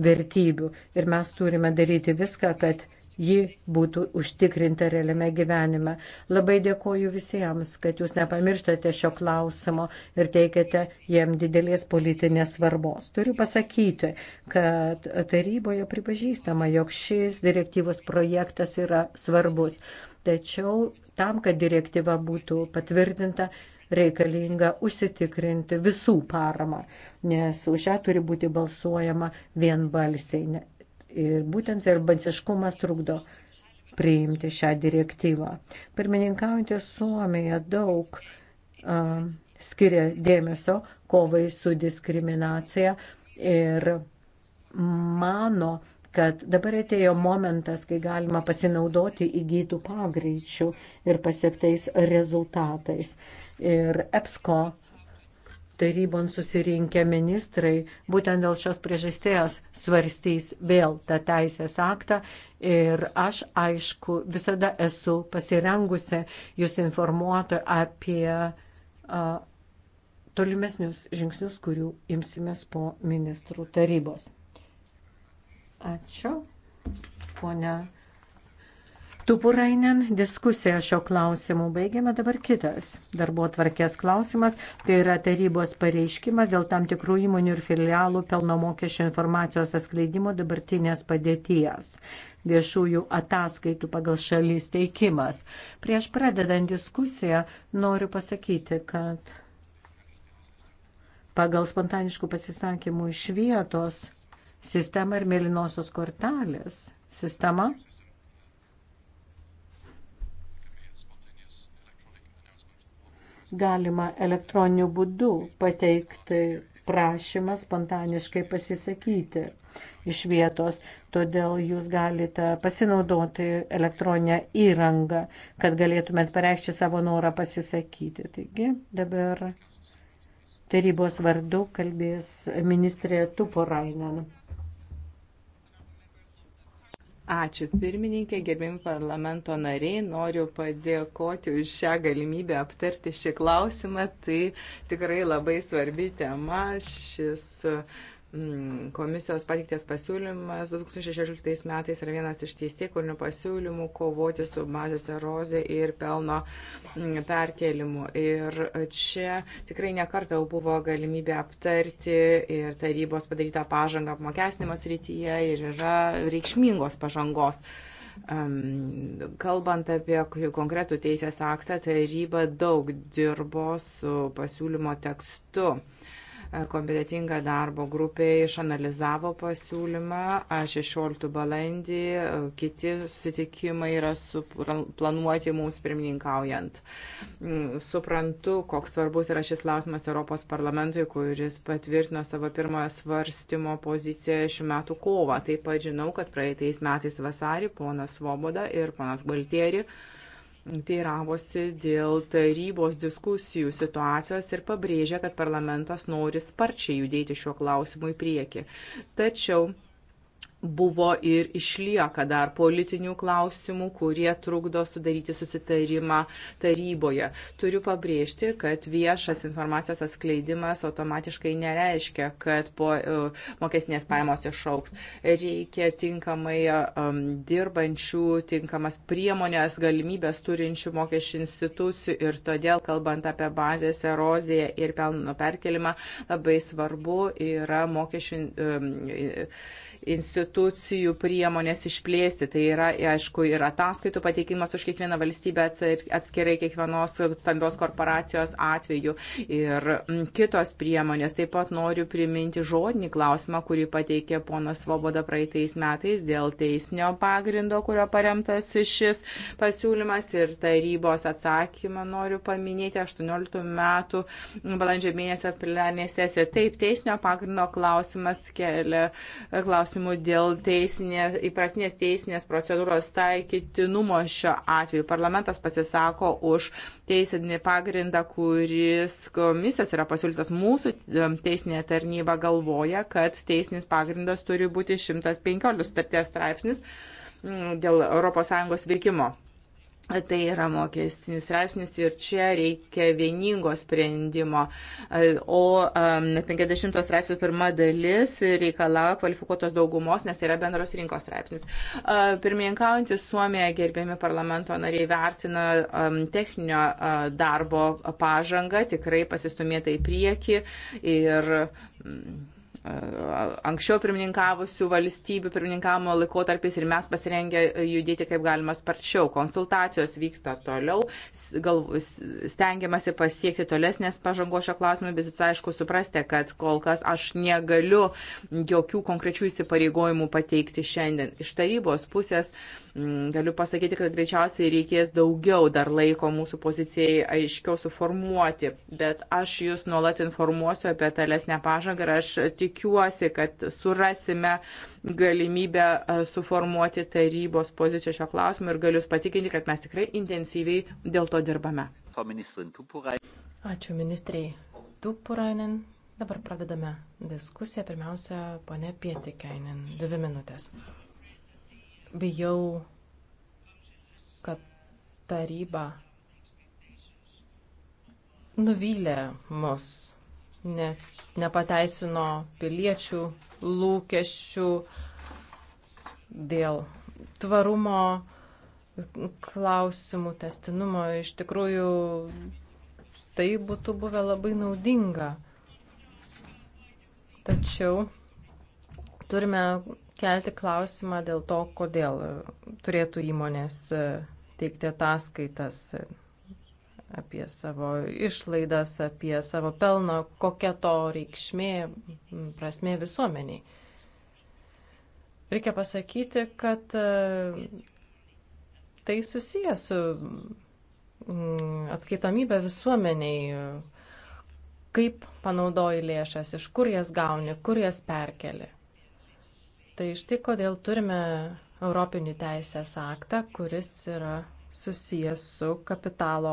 vertybių. Ir mes turime daryti viską, kad ji būtų užtikrinta realiame gyvenime. Labai dėkoju visiems, kad jūs nepamirštate šio klausimo ir teikiate jam didelės politinės svarbos. Turiu pasakyti, kad taryboje pripažįstama, jog šis direktyvos projektas yra svarbus. Tačiau tam, kad direktyva būtų patvirtinta, reikalinga užsitikrinti visų paramą, nes už ją turi būti balsuojama vienbalsiai ir būtent verbanciškumas trukdo priimti šią direktyvą. Pirmininkaujantį Suomiją daug uh, skiria dėmesio kovai su diskriminacija ir mano, kad dabar atėjo momentas, kai galima pasinaudoti įgytų pagreičių ir pasiektais rezultatais. Ir EPSCO tarybon susirinkę ministrai būtent dėl šios priežasties svarstys vėl tą teisės aktą ir aš, aišku, visada esu pasirengusi jūs informuoti apie a, tolimesnius žingsnius, kurių imsimės po ministrų tarybos. Ačiū, ponia Tupurainen diskusiją šio klausimu baigėme. Dabar kitas darbo tvarkės klausimas. Tai yra tarybos pareiškimas dėl tam tikrų įmonių ir filialų pelno mokesčio informacijos atskleidimo dabartinės padėties viešųjų ataskaitų pagal šalis teikimas. Prieš pradedant diskusiją noriu pasakyti, kad pagal spontaniškų pasisakymų iš vietos sistema ir mėlynosios kortelės sistema galima elektroniniu būdu pateikti prašymą spontaniškai pasisakyti iš vietos. Todėl jūs galite pasinaudoti elektroninę įrangą, kad galėtumėt pareikšti savo norą pasisakyti. Taigi dabar tarybos vardu kalbės ministrė Tuporainen. Ačiū pirmininkė, gerbimi parlamento nariai, noriu padėkoti už šią galimybę aptarti šį klausimą. Tai tikrai labai svarbi tema. Šis uh, Mm, komisijos patiktas pasiūlymas 2016 metais yra vienas iš teisėkurnių pasiūlymų kovoti su bazės erozija ir pelno mm, perkelimu. Ir čia tikrai nekartą jau buvo galimybė aptarti ir tarybos padarytą pažangą apmokesnimo srityje ir yra reikšmingos pažangos. Kalbant apie konkretų teisės aktą, taryba daug dirbo su pasiūlymo tekstu E, kompetitinga darbo grupė išanalizavo pasiūlymą. 16 balandį e, kiti susitikimai yra planuoti mums pirmininkaujant. Mm, suprantu, koks svarbus yra šis klausimas Europos parlamentui, kuris patvirtino savo pirmojo svarstymo poziciją šių metų kovą. Taip pat žinau, kad praeitais metais vasarį ponas Svoboda ir ponas Baltieri teiravosi dėl tarybos diskusijų situacijos ir pabrėžė, kad parlamentas nori sparčiai judėti šiuo klausimu į priekį. Tačiau buvo ir išlieka dar politinių klausimų, kurie trukdo sudaryti susitarimą taryboje. Turiu pabrėžti, kad viešas informacijos atskleidimas automatiškai nereiškia, kad po e, mokesnės pajamos išauks. Reikia tinkamai um, dirbančių, tinkamas priemonės, galimybės turinčių mokesčių institucijų ir todėl, kalbant apie bazės eroziją ir pelno perkelimą, labai svarbu yra mokesčių um, institucijų institucijų priemonės išplėsti. Tai yra, aišku, ir ataskaitų pateikimas už kiekvieną valstybę atskirai kiekvienos stambios korporacijos atveju ir kitos priemonės. Taip pat noriu priminti žodinį klausimą, kurį pateikė ponas Svoboda praeitais metais dėl teisinio pagrindo, kurio paremtas šis pasiūlymas ir tarybos atsakymą noriu paminėti 18 metų balandžio mėnesio plenarinė sesija. Taip, teisinio pagrindo klausimas kelia klausimų dėl dėl teisinė, įprasnės teisinės procedūros taikytinumo šio atveju. Parlamentas pasisako už teisinį pagrindą, kuris komisijos yra pasiūlytas. Mūsų teisinė tarnyba galvoja, kad teisinis pagrindas turi būti 115 starties straipsnis dėl ES veikimo. Tai yra mokestinis straipsnis ir čia reikia vieningo sprendimo. O 50 um, straipsnio pirma dalis reikalauja kvalifikuotos daugumos, nes tai yra bendros rinkos straipsnis. Pirmininkaujantis Suomija gerbėmi parlamento nariai vertina um, techninio darbo pažangą, tikrai pasistumėta į priekį ir mm, anksčiau pirmininkavusių valstybių pirmininkavimo laikotarpis ir mes pasirengę judėti kaip galima sparčiau. Konsultacijos vyksta toliau, gal, stengiamasi pasiekti tolesnės pažangos šio klausimu, bet jūs aišku suprasti, kad kol kas aš negaliu jokių konkrečių įsipareigojimų pateikti šiandien. Iš tarybos pusės uh, Mm, galiu pasakyti, kad greičiausiai reikės daugiau dar laiko mūsų pozicijai aiškiau suformuoti, bet aš jūs nuolat informuosiu apie talesnę pažangą ir aš tikiuosi, kad surasime galimybę e, suformuoti tarybos poziciją šio klausimu ir galiu jūs patikinti, kad mes tikrai intensyviai dėl to dirbame. Ačiū ministrei Tupurainen. Dabar pradedame diskusiją. Pirmiausia, ponė Pietikainen. Dvi minutės. Bijau, kad taryba nuvylė mus, ne, nepateisino piliečių lūkesčių dėl tvarumo klausimų, testinumo. Iš tikrųjų, tai būtų buvę labai naudinga. Tačiau turime kelti klausimą dėl to, kodėl turėtų įmonės e, teikti ataskaitas e, apie savo išlaidas, apie savo pelną, kokia to reikšmė, prasmė visuomeniai. Reikia pasakyti, kad e, tai susijęs su atskaitomybė visuomeniai, kaip panaudoji lėšas, iš kur jas gauni, kur jas perkeli. Tai štai kodėl turime Europinį teisės aktą, kuris yra susijęs su kapitalo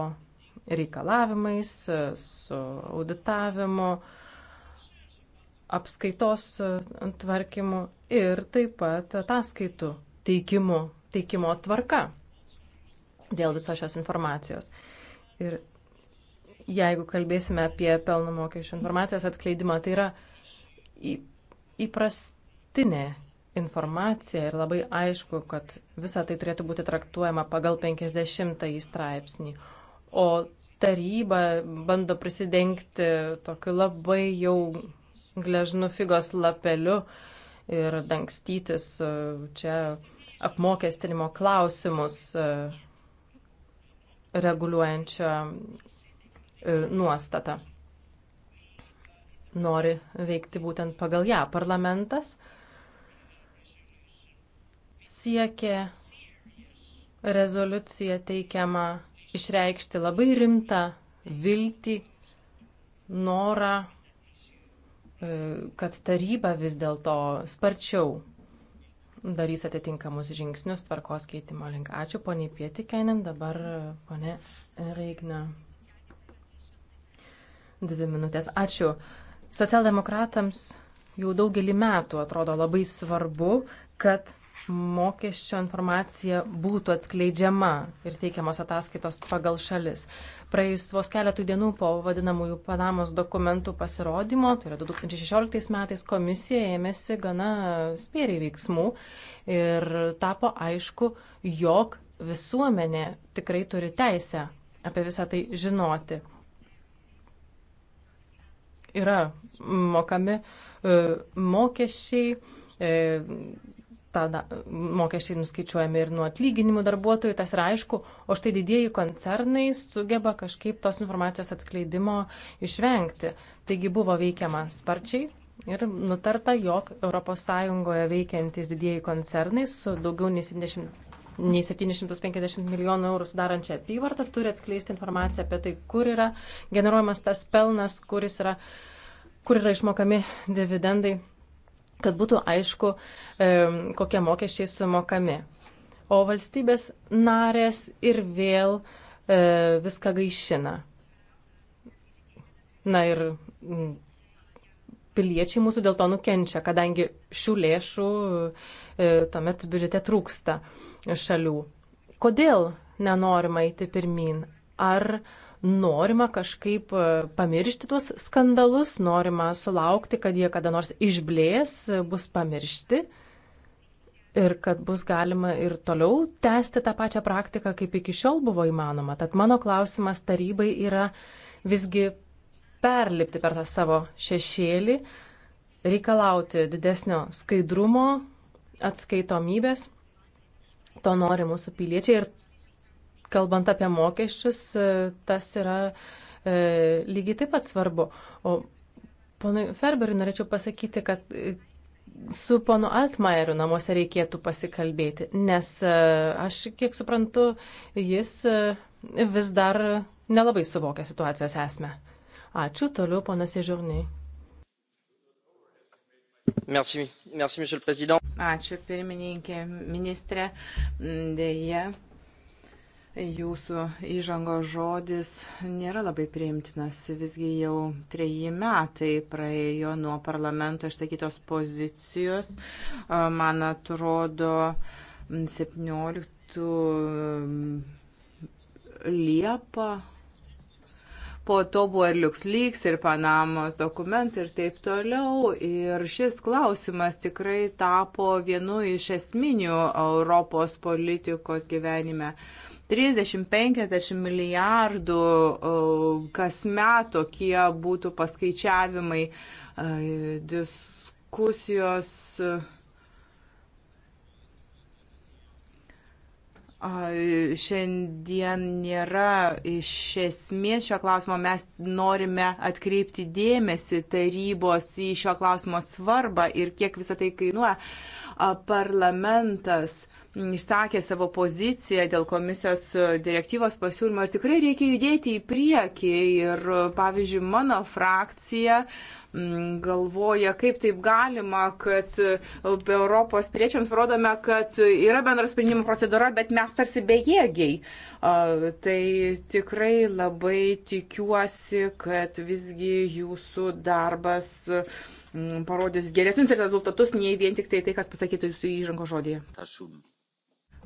reikalavimais, su auditavimu, apskaitos tvarkymu ir taip pat ataskaitų teikimu, teikimo tvarka dėl visos šios informacijos. Ir jeigu kalbėsime apie pelno mokesčio informacijos atskleidimą, tai yra įprastinė informaciją ir labai aišku, kad visa tai turėtų būti traktuojama pagal 50 straipsnį. O taryba bando prisidengti tokiu labai jau gležnu figos lapeliu ir dangstytis e, čia apmokestinimo klausimus e, reguliuojančią e, nuostatą. Nori veikti būtent pagal ją. Parlamentas uh, siekė rezoliucija teikiama išreikšti labai rimtą viltį, norą, e, kad taryba vis dėlto sparčiau darys atitinkamus žingsnius tvarkos keitimo link. Ačiū poniai Pietikainin, dabar e, ponė Reigna. Dvi minutės. Ačiū. Socialdemokratams jau daugelį metų atrodo labai svarbu, kad mokesčio informacija būtų atskleidžiama ir teikiamos ataskaitos pagal šalis. Praėjus vos keletų dienų po vadinamųjų Panamos dokumentų pasirodymo, tai yra 2016 metais, komisija ėmėsi gana spėriai veiksmų ir tapo aišku, jog visuomenė tikrai turi teisę apie visą tai žinoti. Yra mokami e, mokesčiai, e, tada mokesčiai nuskaičiuojami ir nuo atlyginimų darbuotojų, tas yra aišku, o štai didieji koncernai sugeba kažkaip tos informacijos atskleidimo išvengti. Taigi buvo veikiama sparčiai ir nutarta, jog ES veikiantys didieji koncernai su daugiau nei 70 nei 750 milijonų eurų sudarančią apyvartą turi atskleisti informaciją apie tai, kur yra generuojamas tas pelnas, kuris yra, kur yra išmokami dividendai kad būtų aišku, kokie mokesčiai sumokami. O valstybės narės ir vėl e, viską gaišina. Na ir piliečiai mūsų dėl to nukenčia, kadangi šių lėšų e, tuomet biudžete trūksta šalių. Kodėl nenorima eiti pirmin? Ar uh, norima kažkaip e, pamiršti tuos skandalus, norima sulaukti, kad jie kada nors išblės, e, bus pamiršti ir kad bus galima ir toliau tęsti tą pačią praktiką, kaip iki šiol buvo įmanoma. Tad mano klausimas tarybai yra visgi perlipti per tą savo šešėlį, reikalauti didesnio skaidrumo, atskaitomybės. To nori mūsų piliečiai ir kalbant apie mokesčius, e, tas yra e, lygiai taip pat svarbu. O ponui Ferberiui norėčiau pasakyti, kad e, su ponu Altmaieriu namuose reikėtų pasikalbėti, nes e, aš, kiek suprantu, jis vis dar nelabai suvokia situacijos esmę. Ačiū, toliau ponas Ežurniai. Merci, merci, monsieur le président. Ačiū, pirmininkė, ministrė. Deja, Jūsų įžango žodis nėra labai priimtinas, visgi jau treji metai praėjo nuo parlamento išsakytos pozicijos. Man atrodo, 17 mm, Liepa po to buvo ir LuxLeaks, ir Panamos dokumentai ir taip toliau. Ir šis klausimas tikrai tapo vienu iš esminių Europos politikos gyvenime. Uh, 30-50 milijardų kasmet tokie būtų paskaičiavimai, diskusijos šiandien nėra iš esmės šio klausimo. Mes norime atkreipti dėmesį tarybos į šio klausimo svarbą ir kiek visą tai kainuoja. Parlamentas išsakė savo poziciją dėl komisijos e, direktyvos pasiūlymo ir tikrai reikia judėti į priekį. Ir, e, pavyzdžiui, mano frakcija galvoja, kaip taip galima, kad e, Europos priečiams rodome, kad yra bendras sprendimo procedūra, bet mes tarsi bejėgiai. Tai tikrai labai tikiuosi, kad visgi jūsų darbas parodys geresnius rezultatus, nei vien tik tai tai, kas pasakyta jūsų įžango žodėje. Tašum.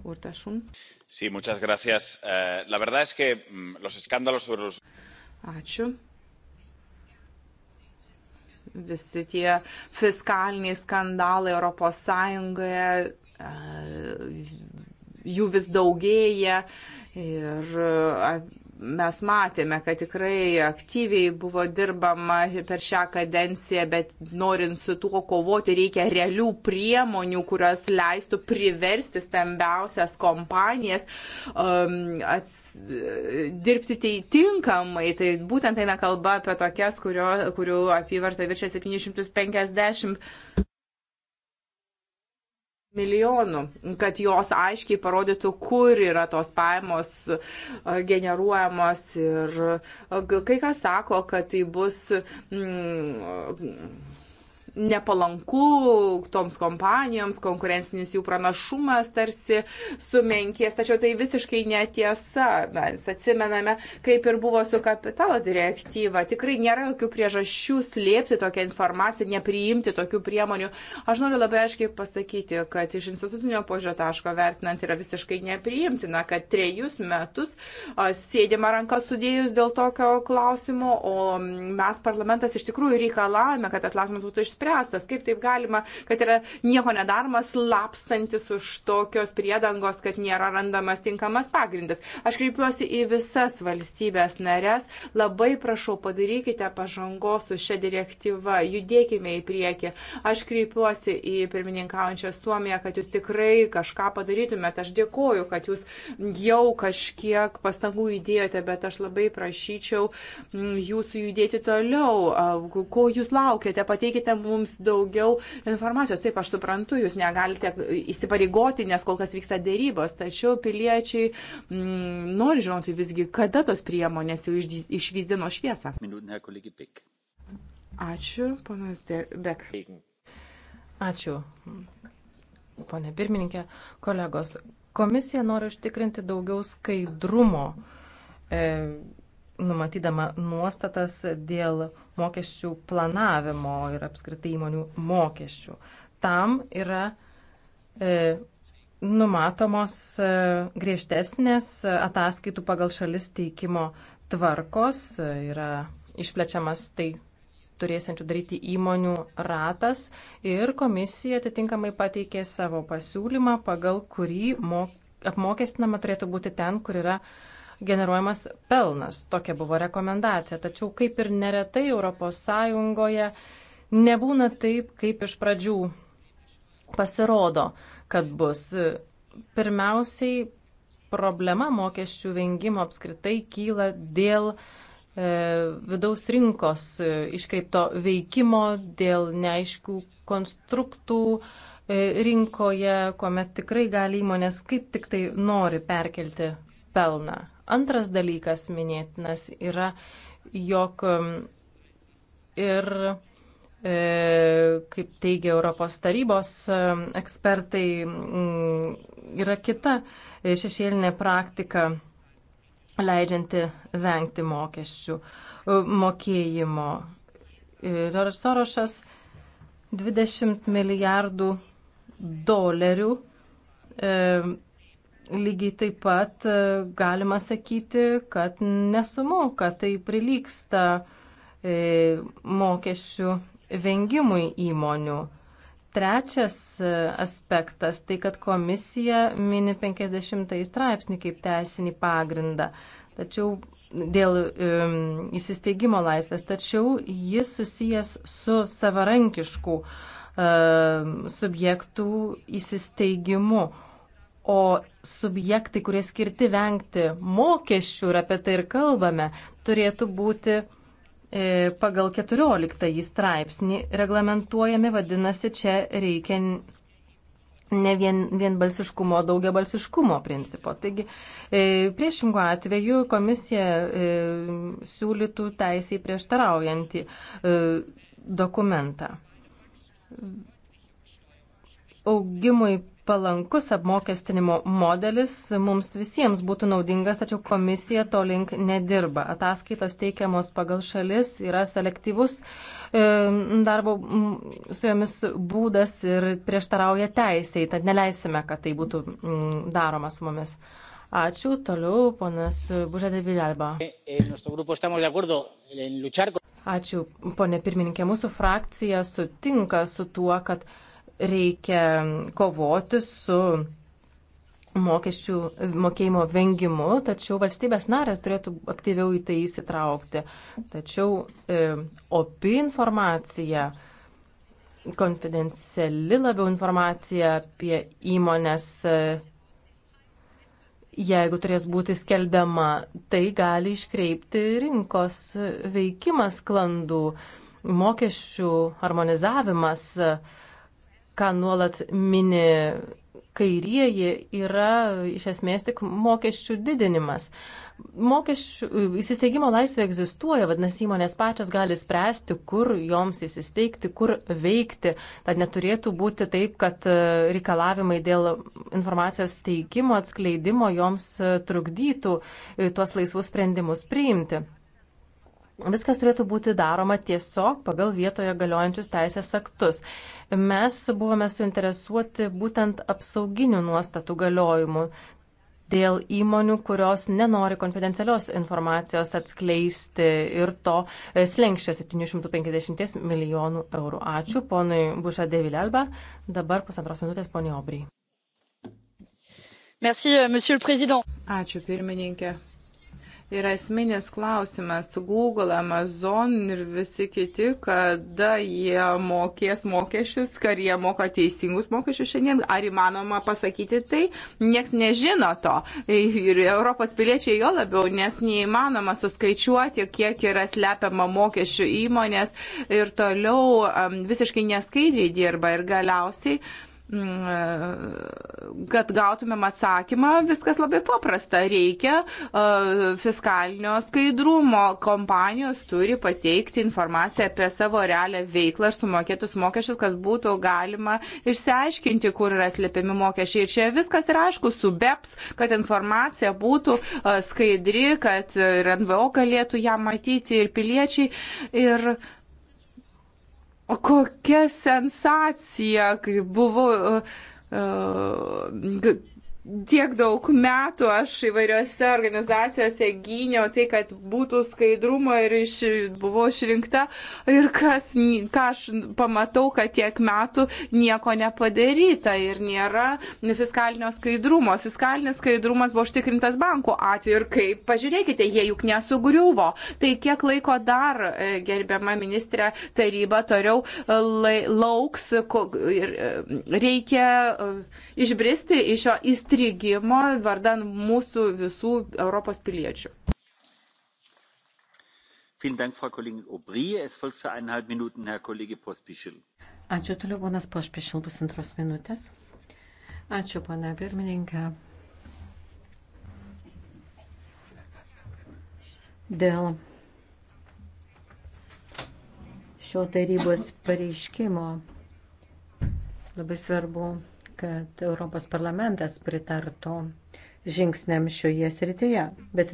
Urtasun. Sí, muchas gracias. Uh, la verdad es que mm, los escándalos sobre los. Ačiū visi tie fiskaliniai skandalai Europos Sąjungoje, e, jų vis daugėja ir e, mes matėme, kad tikrai aktyviai buvo dirbama per šią kadenciją, bet norint su tuo kovoti reikia realių priemonių, kurios leistų priversti stambiausias kompanijas um, ats, dirbti tai tinkamai. Tai būtent eina kalba apie tokias, kurio, kurių apyvarta viršė 750 milijonų, kad jos aiškiai parodytų, kur yra tos pajamos e, generuojamos. Ir e, kai kas sako, kad tai bus. Mm, nepalanku toms kompanijoms, konkurencinis jų pranašumas tarsi sumenkės, tačiau tai visiškai netiesa. Mes atsimename, kaip ir buvo su kapitalo direktyva. Tikrai nėra jokių priežasčių slėpti tokią informaciją, nepriimti tokių priemonių. Aš noriu labai aiškiai pasakyti, kad iš institucinio požio taško vertinant yra visiškai nepriimtina, kad trejus metus sėdima ranka sudėjus dėl tokio klausimo, o mes parlamentas iš tikrųjų reikalavome, kad tas klausimas būtų išspręstas neišspręstas. Kaip taip galima, kad yra nieko nedarmas, lapstantis už tokios priedangos, kad nėra randamas tinkamas pagrindas. Aš kreipiuosi į visas valstybės narės. Labai prašau, padarykite pažangos su šia direktyva, judėkime į priekį. Aš kreipiuosi į pirmininkaujančią Suomiją, kad jūs tikrai kažką padarytumėte. Aš dėkoju, kad jūs jau kažkiek pastangų įdėjote, bet aš labai prašyčiau mm, jūsų judėti toliau. Ko jūs laukiate? Pateikite mums mums daugiau informacijos. Taip, aš suprantu, jūs negalite įsipareigoti, nes kol kas vyksta dėrybos, tačiau piliečiai m, mm, nori žinoti visgi, kada tos priemonės jau išvysdino šviesą. Ačiū, ponas Bek. Ačiū, ponė pirmininkė, kolegos. Komisija nori užtikrinti daugiau skaidrumo. E, numatydama nuostatas dėl mokesčių planavimo ir apskritai įmonių mokesčių. Tam yra e, numatomos e, griežtesnės ataskaitų pagal šalis teikimo tvarkos, e, yra išplečiamas tai turėsiančių daryti įmonių ratas ir komisija atitinkamai pateikė savo pasiūlymą, pagal kurį mok, apmokestinama turėtų būti ten, kur yra e, generuojamas pelnas. Tokia buvo rekomendacija. Tačiau kaip ir neretai ES nebūna taip, kaip iš pradžių pasirodo, kad bus. Pirmiausiai problema mokesčių vengimo apskritai kyla dėl e, vidaus rinkos e, iškreipto veikimo dėl neaiškių konstruktų e, rinkoje, kuomet tikrai gali įmonės kaip tik tai nori perkelti pelną. Antras dalykas minėtinas yra, jog um, ir, e, kaip teigia Europos tarybos um, ekspertai, mm, yra kita e, šešėlinė praktika leidžianti vengti mokesčių e, mokėjimo. George Sorosas 20 milijardų dolerių Lygiai taip pat e, galima sakyti, kad nesumoka, tai prilyksta e, mokesčių vengimui įmonių. Trečias e, aspektas - tai, kad komisija mini 50 straipsnį kaip teisinį pagrindą. Tačiau dėl um, įsisteigimo laisvės, tačiau jis susijęs su savarankiškų um, subjektų įsisteigimu, O subjektai, kurie skirti vengti mokesčių, ir apie tai ir kalbame, turėtų būti e, pagal 14 straipsnį reglamentuojami, vadinasi, čia reikia ne vien, vienbalsiškumo, daugiabalsiškumo principo. Taigi, e, priešingų atveju komisija e, siūlytų teisiai prieštaraujantį e, dokumentą. Augimui palankus apmokestinimo modelis mums visiems būtų naudingas, tačiau komisija to link nedirba. Ataskaitos teikiamos pagal šalis yra selektyvus e, darbo su jomis būdas ir prieštarauja teisėjai, tad neleisime, kad tai būtų daroma su mumis. Ačiū. Toliau ponas Bužadė Vilelba. Ačiū, ponė pirmininkė. Mūsų frakcija sutinka su tuo, kad reikia kovoti su mokesčių mokėjimo vengimu, tačiau valstybės narės turėtų aktyviau į tai įsitraukti. Tačiau e, opi informacija, konfidenciali labiau informacija apie įmonės, e, jeigu turės būti skelbiama, tai gali iškreipti rinkos veikimas klandų, mokesčių harmonizavimas. E, ką nuolat mini kairieji, yra iš esmės tik mokesčių didinimas. Mokesčių įsisteigimo laisvė egzistuoja, vadinasi, įmonės pačios gali spręsti, kur joms įsisteigti, kur veikti. Tad neturėtų būti taip, kad e, reikalavimai dėl informacijos steigimo, atskleidimo joms e, trukdytų e, tuos laisvus sprendimus priimti. Viskas turėtų būti daroma tiesiog pagal vietoje galiojančius teisės aktus. Mes buvome suinteresuoti būtent apsauginių nuostatų galiojimu dėl įmonių, kurios nenori konfidencialios informacijos atskleisti ir to slengščia 750 milijonų eurų. Ačiū ponui Buša Devilelba. Dabar pusantros minutės poniai Obry. Merci, euh, monsieur le président. Ačiū pirmininkė yra esminis klausimas. Google, Amazon ir visi kiti, kada jie mokės mokesčius, ar jie moka teisingus mokesčius šiandien, ar įmanoma pasakyti tai, nieks nežino to. Ir Europos piliečiai jo labiau, nes neįmanoma suskaičiuoti, kiek yra slepiama mokesčių įmonės ir toliau um, visiškai neskaidriai dirba ir galiausiai Mm, e, kad gautumėm atsakymą, viskas labai paprasta. Reikia e, fiskalinio skaidrumo. Kompanijos turi pateikti informaciją apie savo realią veiklą ir sumokėtus mokesčius, kad būtų galima išsiaiškinti, kur yra slėpiami mokesčiai. Ir čia viskas yra aišku su BEPS, kad informacija būtų e, skaidri, kad ir NVO galėtų ją matyti ir piliečiai. Ir O kokia sensacija, kai buvo. Uh, e, uh, e, tiek daug metų aš įvairiose organizacijose gyniau tai, kad būtų skaidrumo ir iš, buvau išrinkta. Ir kas, ką aš pamatau, kad tiek metų nieko nepadaryta ir nėra fiskalinio skaidrumo. Fiskalinis skaidrumas buvo užtikrintas bankų atveju. Ir kaip, pažiūrėkite, jie juk nesugriuvo. Tai kiek laiko dar, e, gerbiama ministrė, taryba toliau e, lai, lauks ir e, reikia. Uh, išbristi iš šio įstrigimo vardan mūsų visų Europos piliečių. Ačiū toliau, ponas Pošpišil, bus antros minutės. Ačiū, pana pirmininkė. Dėl šio tarybos pareiškimo labai svarbu kad Europos parlamentas pritartų žingsniam šioje srityje. Bet